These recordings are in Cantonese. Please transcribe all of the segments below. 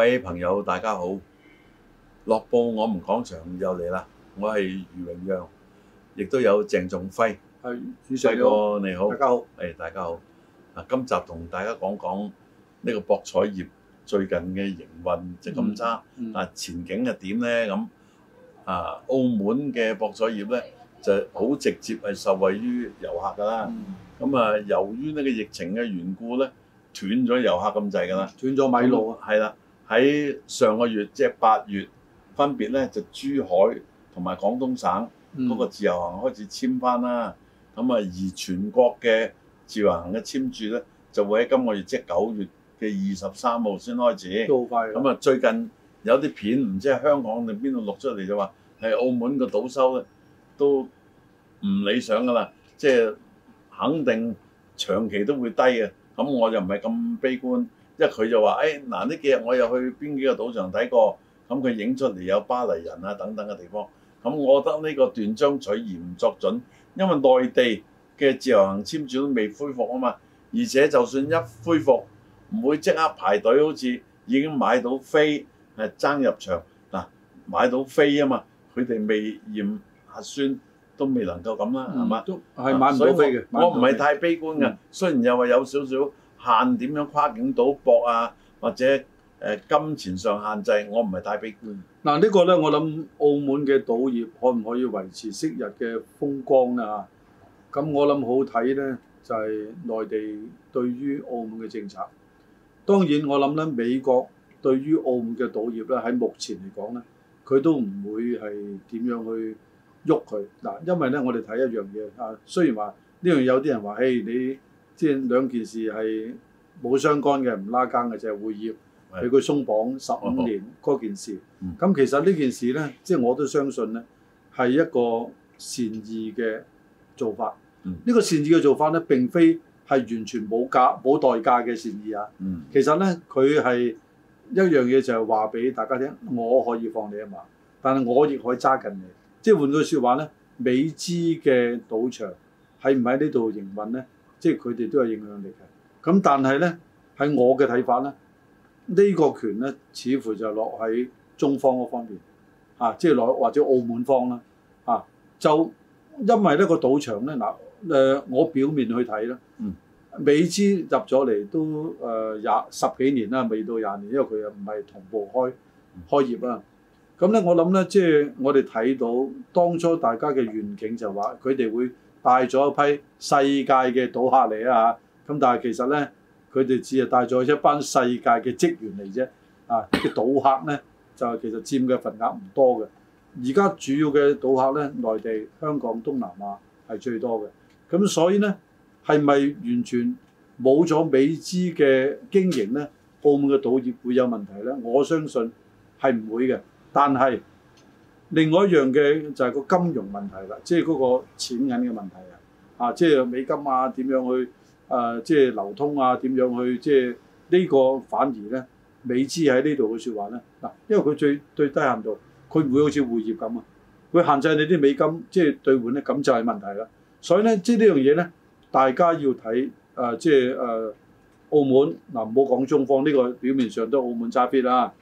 各位朋友，大家好！樂報我們講場又嚟啦，我係余榮耀，亦都有鄭仲輝。輝哥你好，大家好、哎，大家好。誒，大家好。啊，今集同大家講講呢個博彩業最近嘅營運就咁差，但、嗯嗯、前景係點咧？咁啊，澳門嘅博彩業咧就好直接係受惠於遊客㗎啦。咁啊、嗯，由於呢個疫情嘅緣故咧，斷咗遊客咁滯㗎啦，斷咗米路啊，係啦。喺上個月即係八月，分別咧就珠海同埋廣東省嗰個自由行開始簽翻啦。咁啊、嗯，而全國嘅自由行嘅簽注咧，就會喺今個月即係九月嘅二十三號先開始。好快㗎！咁啊、嗯，最近有啲片唔知係香港定邊度錄出嚟就話係澳門個賭收咧都唔理想㗎啦，即係肯定長期都會低嘅。咁我就唔係咁悲觀。即佢就話，誒、哎、嗱，呢幾日我又去邊幾個賭場睇過，咁佢影出嚟有巴黎人啊等等嘅地方。咁、嗯、我覺得呢個斷章取義唔作準，因為內地嘅自由行簽證都未恢復啊嘛。而且就算一恢復，唔會即刻排隊，好似已經買到飛，係爭入場嗱、啊，買到飛啊嘛，佢哋未驗核酸都未能夠咁啦，係嘛、嗯？都係買唔到飛嘅。啊、我唔係太悲觀嘅，嗯、雖然又話有少少。限點樣跨境賭博啊，或者誒、呃、金錢上限制，我唔係太悲觀。嗱、啊，呢、呢個呢，我諗澳門嘅賭業可唔可以維持昔日嘅風光咧、啊？咁我諗好睇呢，就係、係、內地對於澳門嘅政策。當然，我諗呢，美國對於澳門嘅賭業呢，喺目前嚟講呢，佢都唔會係點樣去喐佢。嗱、啊，因為呢，我哋睇一樣嘢啊，雖然話呢樣有啲人話，誒、hey, 你。先兩件事係冇相關嘅，唔拉更嘅，就係、是、會業俾佢鬆綁十五年嗰件事。咁、嗯、其實呢件事呢，即係我都相信呢係一個善意嘅做法。呢、嗯、個善意嘅做法呢，並非係完全冇價冇代價嘅善意啊。嗯、其實呢，佢係一樣嘢就係話俾大家聽，我可以放你一馬，但係我亦可以揸緊你。即係換句説話呢，美資嘅賭場喺唔喺呢度營運呢？即係佢哋都有影響力嘅，咁但係呢，喺我嘅睇法呢，呢、呢個權呢似乎就落喺中方嗰方面，啊，即係落或者澳門方啦，啊，就因為呢、呢個賭場呢，嗱、啊，誒、呃、我表面去睇啦，嗯，美資入咗嚟都誒廿、呃、十幾年啦，未到廿年，因為佢又唔係同步開開業啦，咁呢，我諗呢，即係我哋睇到當初大家嘅願景就話佢哋會。帶咗一批世界嘅賭客嚟啊！咁但係其實咧，佢哋只係帶咗一班世界嘅職員嚟啫。啊，啲賭客咧就其實佔嘅份額唔多嘅。而家主要嘅賭客咧，內地、香港、東南亞係最多嘅。咁所以咧，係咪完全冇咗美資嘅經營咧？澳門嘅賭業會有問題咧？我相信係唔會嘅。但係另外一樣嘅就係個金融問題啦，即係嗰個錢銀嘅問題啊！啊，即係美金啊，點樣去誒？即係流通啊，點樣去？即係呢個反而咧，美資喺呢度嘅説話咧，嗱，因為佢最最低限度，佢唔會好似匯業咁啊，佢限制你啲美金即係兌換咧，咁就係問題啦。所以咧，即係呢樣嘢咧，大家要睇誒，即係誒，澳門嗱，唔好講中方呢個表面上都澳門揸 fit 啦。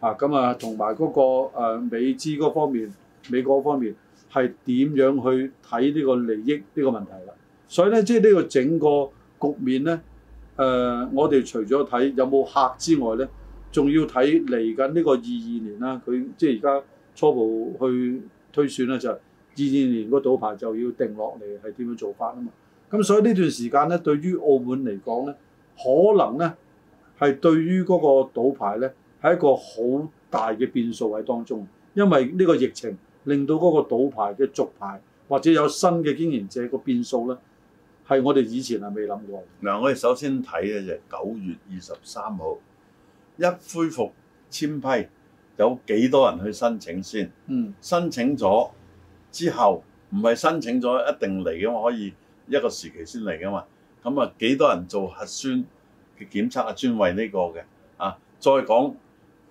嚇咁啊，同埋嗰個、呃、美資嗰方面，美國方面係點樣去睇呢個利益呢、呢個問題啦？所以咧，即係呢個整個局面咧，誒、呃，我哋除咗睇有冇客之外咧，仲要睇嚟緊呢個二二年啦。佢即係而家初步去推算啦，就二、係、二年個賭牌就要定落嚟係點樣做法啊嘛。咁所以呢段時間咧，對於澳門嚟講咧，可能咧係對於嗰個賭牌咧。喺一個好大嘅變數喺當中，因為呢個疫情令到嗰個賭牌嘅續牌或者有新嘅經營者個變數呢，係我哋以前係未諗過。嗱，我哋首先睇嘅就係九月二十三號一恢復簽批，有幾多人去申請先？嗯，申請咗之後唔係申請咗一定嚟嘅嘛，可以一個時期先嚟嘅嘛。咁啊幾多人做核酸嘅檢測啊，專為呢個嘅啊，再講。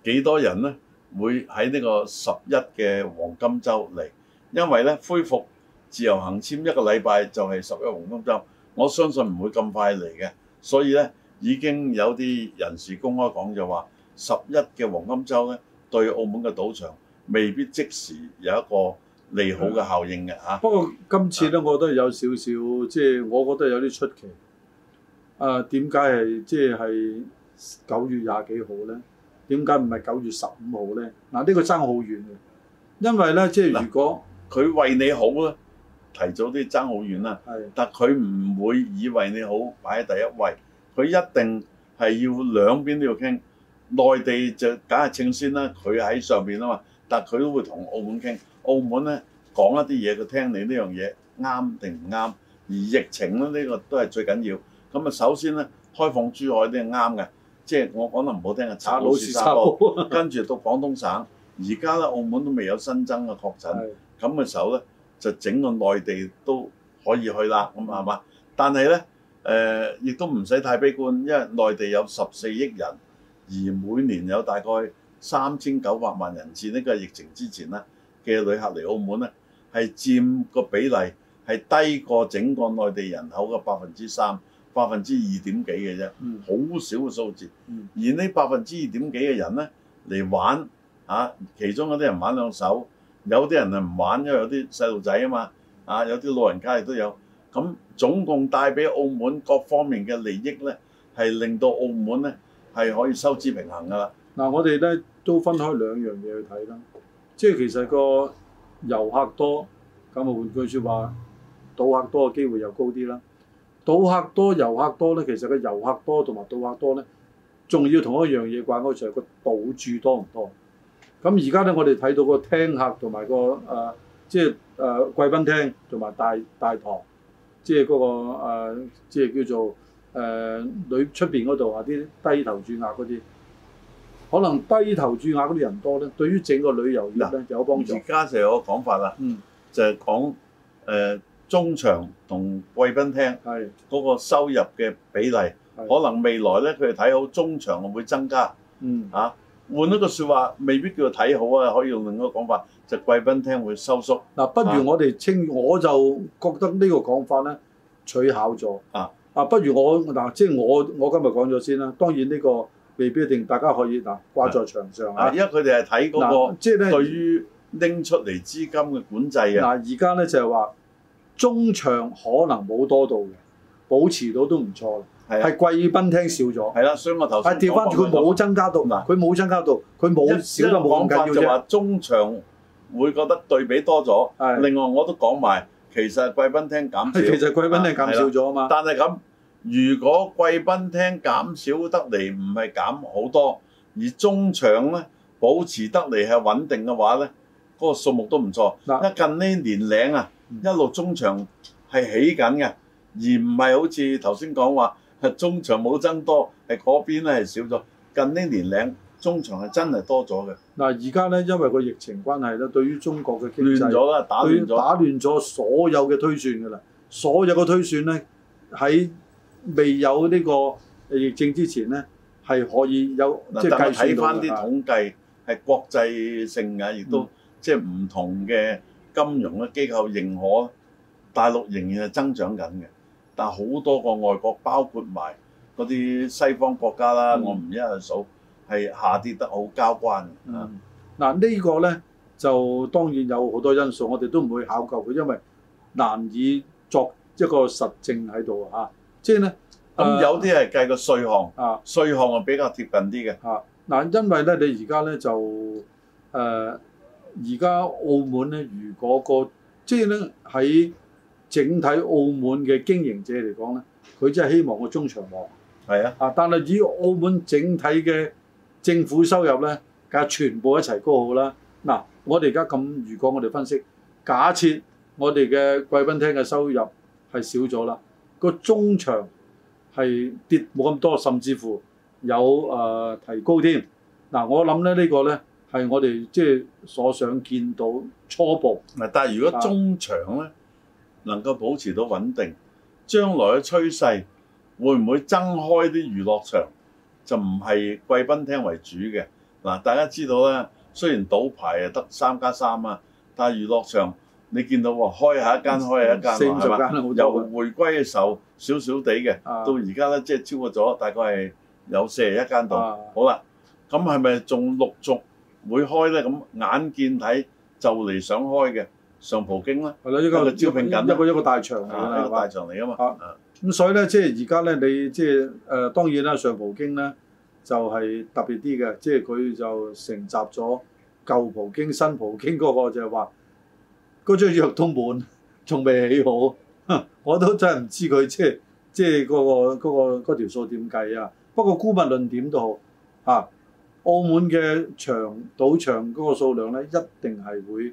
幾多人呢？會喺呢個十一嘅黃金周嚟？因為呢恢復自由行簽一個禮拜就係十一黃金周。我相信唔會咁快嚟嘅。所以呢已經有啲人士公開講就話十一嘅黃金周呢對澳門嘅賭場未必即時有一個利好嘅效應嘅嚇。嗯啊、不過今次呢，我覺得有少少即係我覺得有啲出奇啊！點解係即係九月廿幾號呢？點解唔係九月十五號呢？嗱、啊，呢、呢個爭好遠，因為呢，即係如果佢、啊、為你好呢提早啲爭好遠啦。係，但佢唔會以為你好擺喺第一位，佢一定係要兩邊都要傾。內地就梗係請先啦，佢喺上邊啊嘛，但佢都會同澳門傾。澳門呢講一啲嘢佢聽你呢樣嘢啱定唔啱，而疫情呢呢、呢個都係最緊要。咁啊，首先呢，開放珠海都係啱嘅。即係我講得唔好聽啊，插老鼠插跟住到廣東省，而家咧澳門都未有新增嘅確診，咁嘅 時候咧，就整個內地都可以去啦，咁係嘛？嗯、但係咧，誒、呃、亦都唔使太悲觀，因為內地有十四億人，而每年有大概三千九百萬人次呢個疫情之前咧嘅旅客嚟澳門咧，係佔個比例係低過整個內地人口嘅百分之三。百分之二點幾嘅啫，好少嘅數字。嗯、而呢百分之二點幾嘅人呢嚟玩啊，其中有啲人玩兩手，有啲人係唔玩，因為有啲細路仔啊嘛，啊有啲老人家亦都有。咁、啊、總共帶俾澳門各方面嘅利益呢，係令到澳門呢係可以收支平衡噶啦。嗱、啊，我哋呢都分開兩樣嘢去睇啦，即係其實個遊客多，咁啊換句説話，賭客多嘅機會又高啲啦。賭客多、遊客多咧，其實個遊客多同埋賭客多咧，仲要同一樣嘢掛鈎就係個賭注多唔多。咁而家咧，我哋睇到個廳客同埋、嗰個誒、呃，即係誒、呃、貴賓廳同埋大大堂，即係嗰、嗰個、呃、即係叫做誒裏出邊嗰度啊啲低投注額嗰啲，可能低投注額嗰啲人多咧，對於整個旅遊業咧喏有幫助。而家成個講法啦，嗯，就係、係、講誒。呃中場同貴賓廳嗰個收入嘅比例，可能未來咧佢哋睇好中場會增加，嗯嚇，換一個説話，未必叫睇好啊，可以用另一個講法，就貴賓廳會收縮。嗱，不如我哋稱我就覺得呢個講法咧取巧咗啊！啊，不如我嗱，即係我我今日講咗先啦。當然呢個未必一定大家可以嗱掛在牆上啊。而家佢哋係睇嗰個，即係咧對於拎出嚟資金嘅管制啊。嗱，而家咧就係話。中場可能冇多到嘅，保持到都唔錯啦。係、啊、貴賓廳少咗。係啦、啊，所以我頭先。係調翻轉佢冇增加到，嗱佢冇增加到，佢冇少到冇緊要就話中場會覺得對比多咗。啊、另外我都講埋，其實貴賓廳減少、啊，其實貴賓廳減少咗啊嘛。啊但係咁，如果貴賓廳減少得嚟唔係減好多，而中場咧保持得嚟係穩定嘅話咧。嗰個數目都唔錯、啊一啊，因為近呢年齡啊，一路中場係起緊嘅，而唔係好似頭先講話中場冇增多，係嗰邊咧係少咗。近呢年齡中場係真係多咗嘅。嗱而家咧，因為個疫情關係咧，對於中國嘅經濟亂咗啦，打亂咗所有嘅推算㗎啦，所有嘅推算咧喺未有呢個疫症之前咧，係可以有、啊、即係計算到嘅但係睇翻啲統計係國際性嘅，亦都、嗯。嗯即係唔同嘅金融嘅機構認可，大陸仍然係增長緊嘅。但係好多個外國，包括埋嗰啲西方國家啦，嗯、我唔一係數係下跌得好交關啊。嗱、嗯、呢個咧就當然有好多因素，我哋都唔會考究佢，因為難以作一個實證喺度啊。即係咧，咁、呃嗯、有啲係計個稅項啊，稅項係比較貼近啲嘅啊。嗱，因為咧你而家咧就誒。呃而家澳門咧，如果個即係咧喺整體澳門嘅經營者嚟講咧，佢真係希望個中場旺。係啊的，啊！但係以澳門整體嘅政府收入咧，梗係全部一齊高好啦。嗱、啊，我哋而家咁，如果我哋分析，假設我哋嘅貴賓廳嘅收入係少咗啦，個中場係跌冇咁多，甚至乎有誒、呃、提高添。嗱、啊，我諗咧呢個咧。係我哋即係所想見到初步。嗱，但係如果中場咧、嗯、能夠保持到穩定，將來嘅趨勢會唔會增開啲娛樂場？就唔係貴賓廳為主嘅嗱。大家知道咧，雖然賭牌啊得三加三啊，但係娛樂場你見到話開下一間開下一間，係嘛？又回歸嘅時候少少啲嘅，小小嗯、到而家咧即係超過咗大概係有四十一間度。嗯嗯、好啦，咁係咪仲陸續？嗯嗯嗯會開咧，咁眼見睇就嚟想開嘅上葡京啦，因為、嗯、招聘緊一個一個大場嚟啊吧一個大場嘛，咁所以咧，即係而家咧，你即係誒當然啦，上葡京咧就係、是、特別啲嘅，即係佢就承襲咗舊葡京、新葡京嗰個就係話嗰張約通本，仲未起好，我都真係唔知佢即係即係、那、嗰個嗰、那個嗰、那個那個、條數點計啊。不過姑勿論點都好嚇。啊啊澳門嘅場賭場嗰個數量咧，一定係會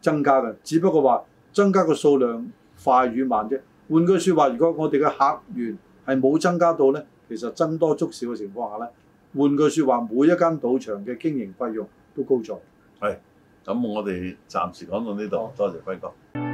增加嘅，只不過話增加嘅數量快與慢啫。換句説話，如果我哋嘅客源係冇增加到咧，其實僧多粥少嘅情況下咧，換句説話，每一間賭場嘅經營費用都高咗。係，咁我哋暫時講到呢度，多謝輝哥。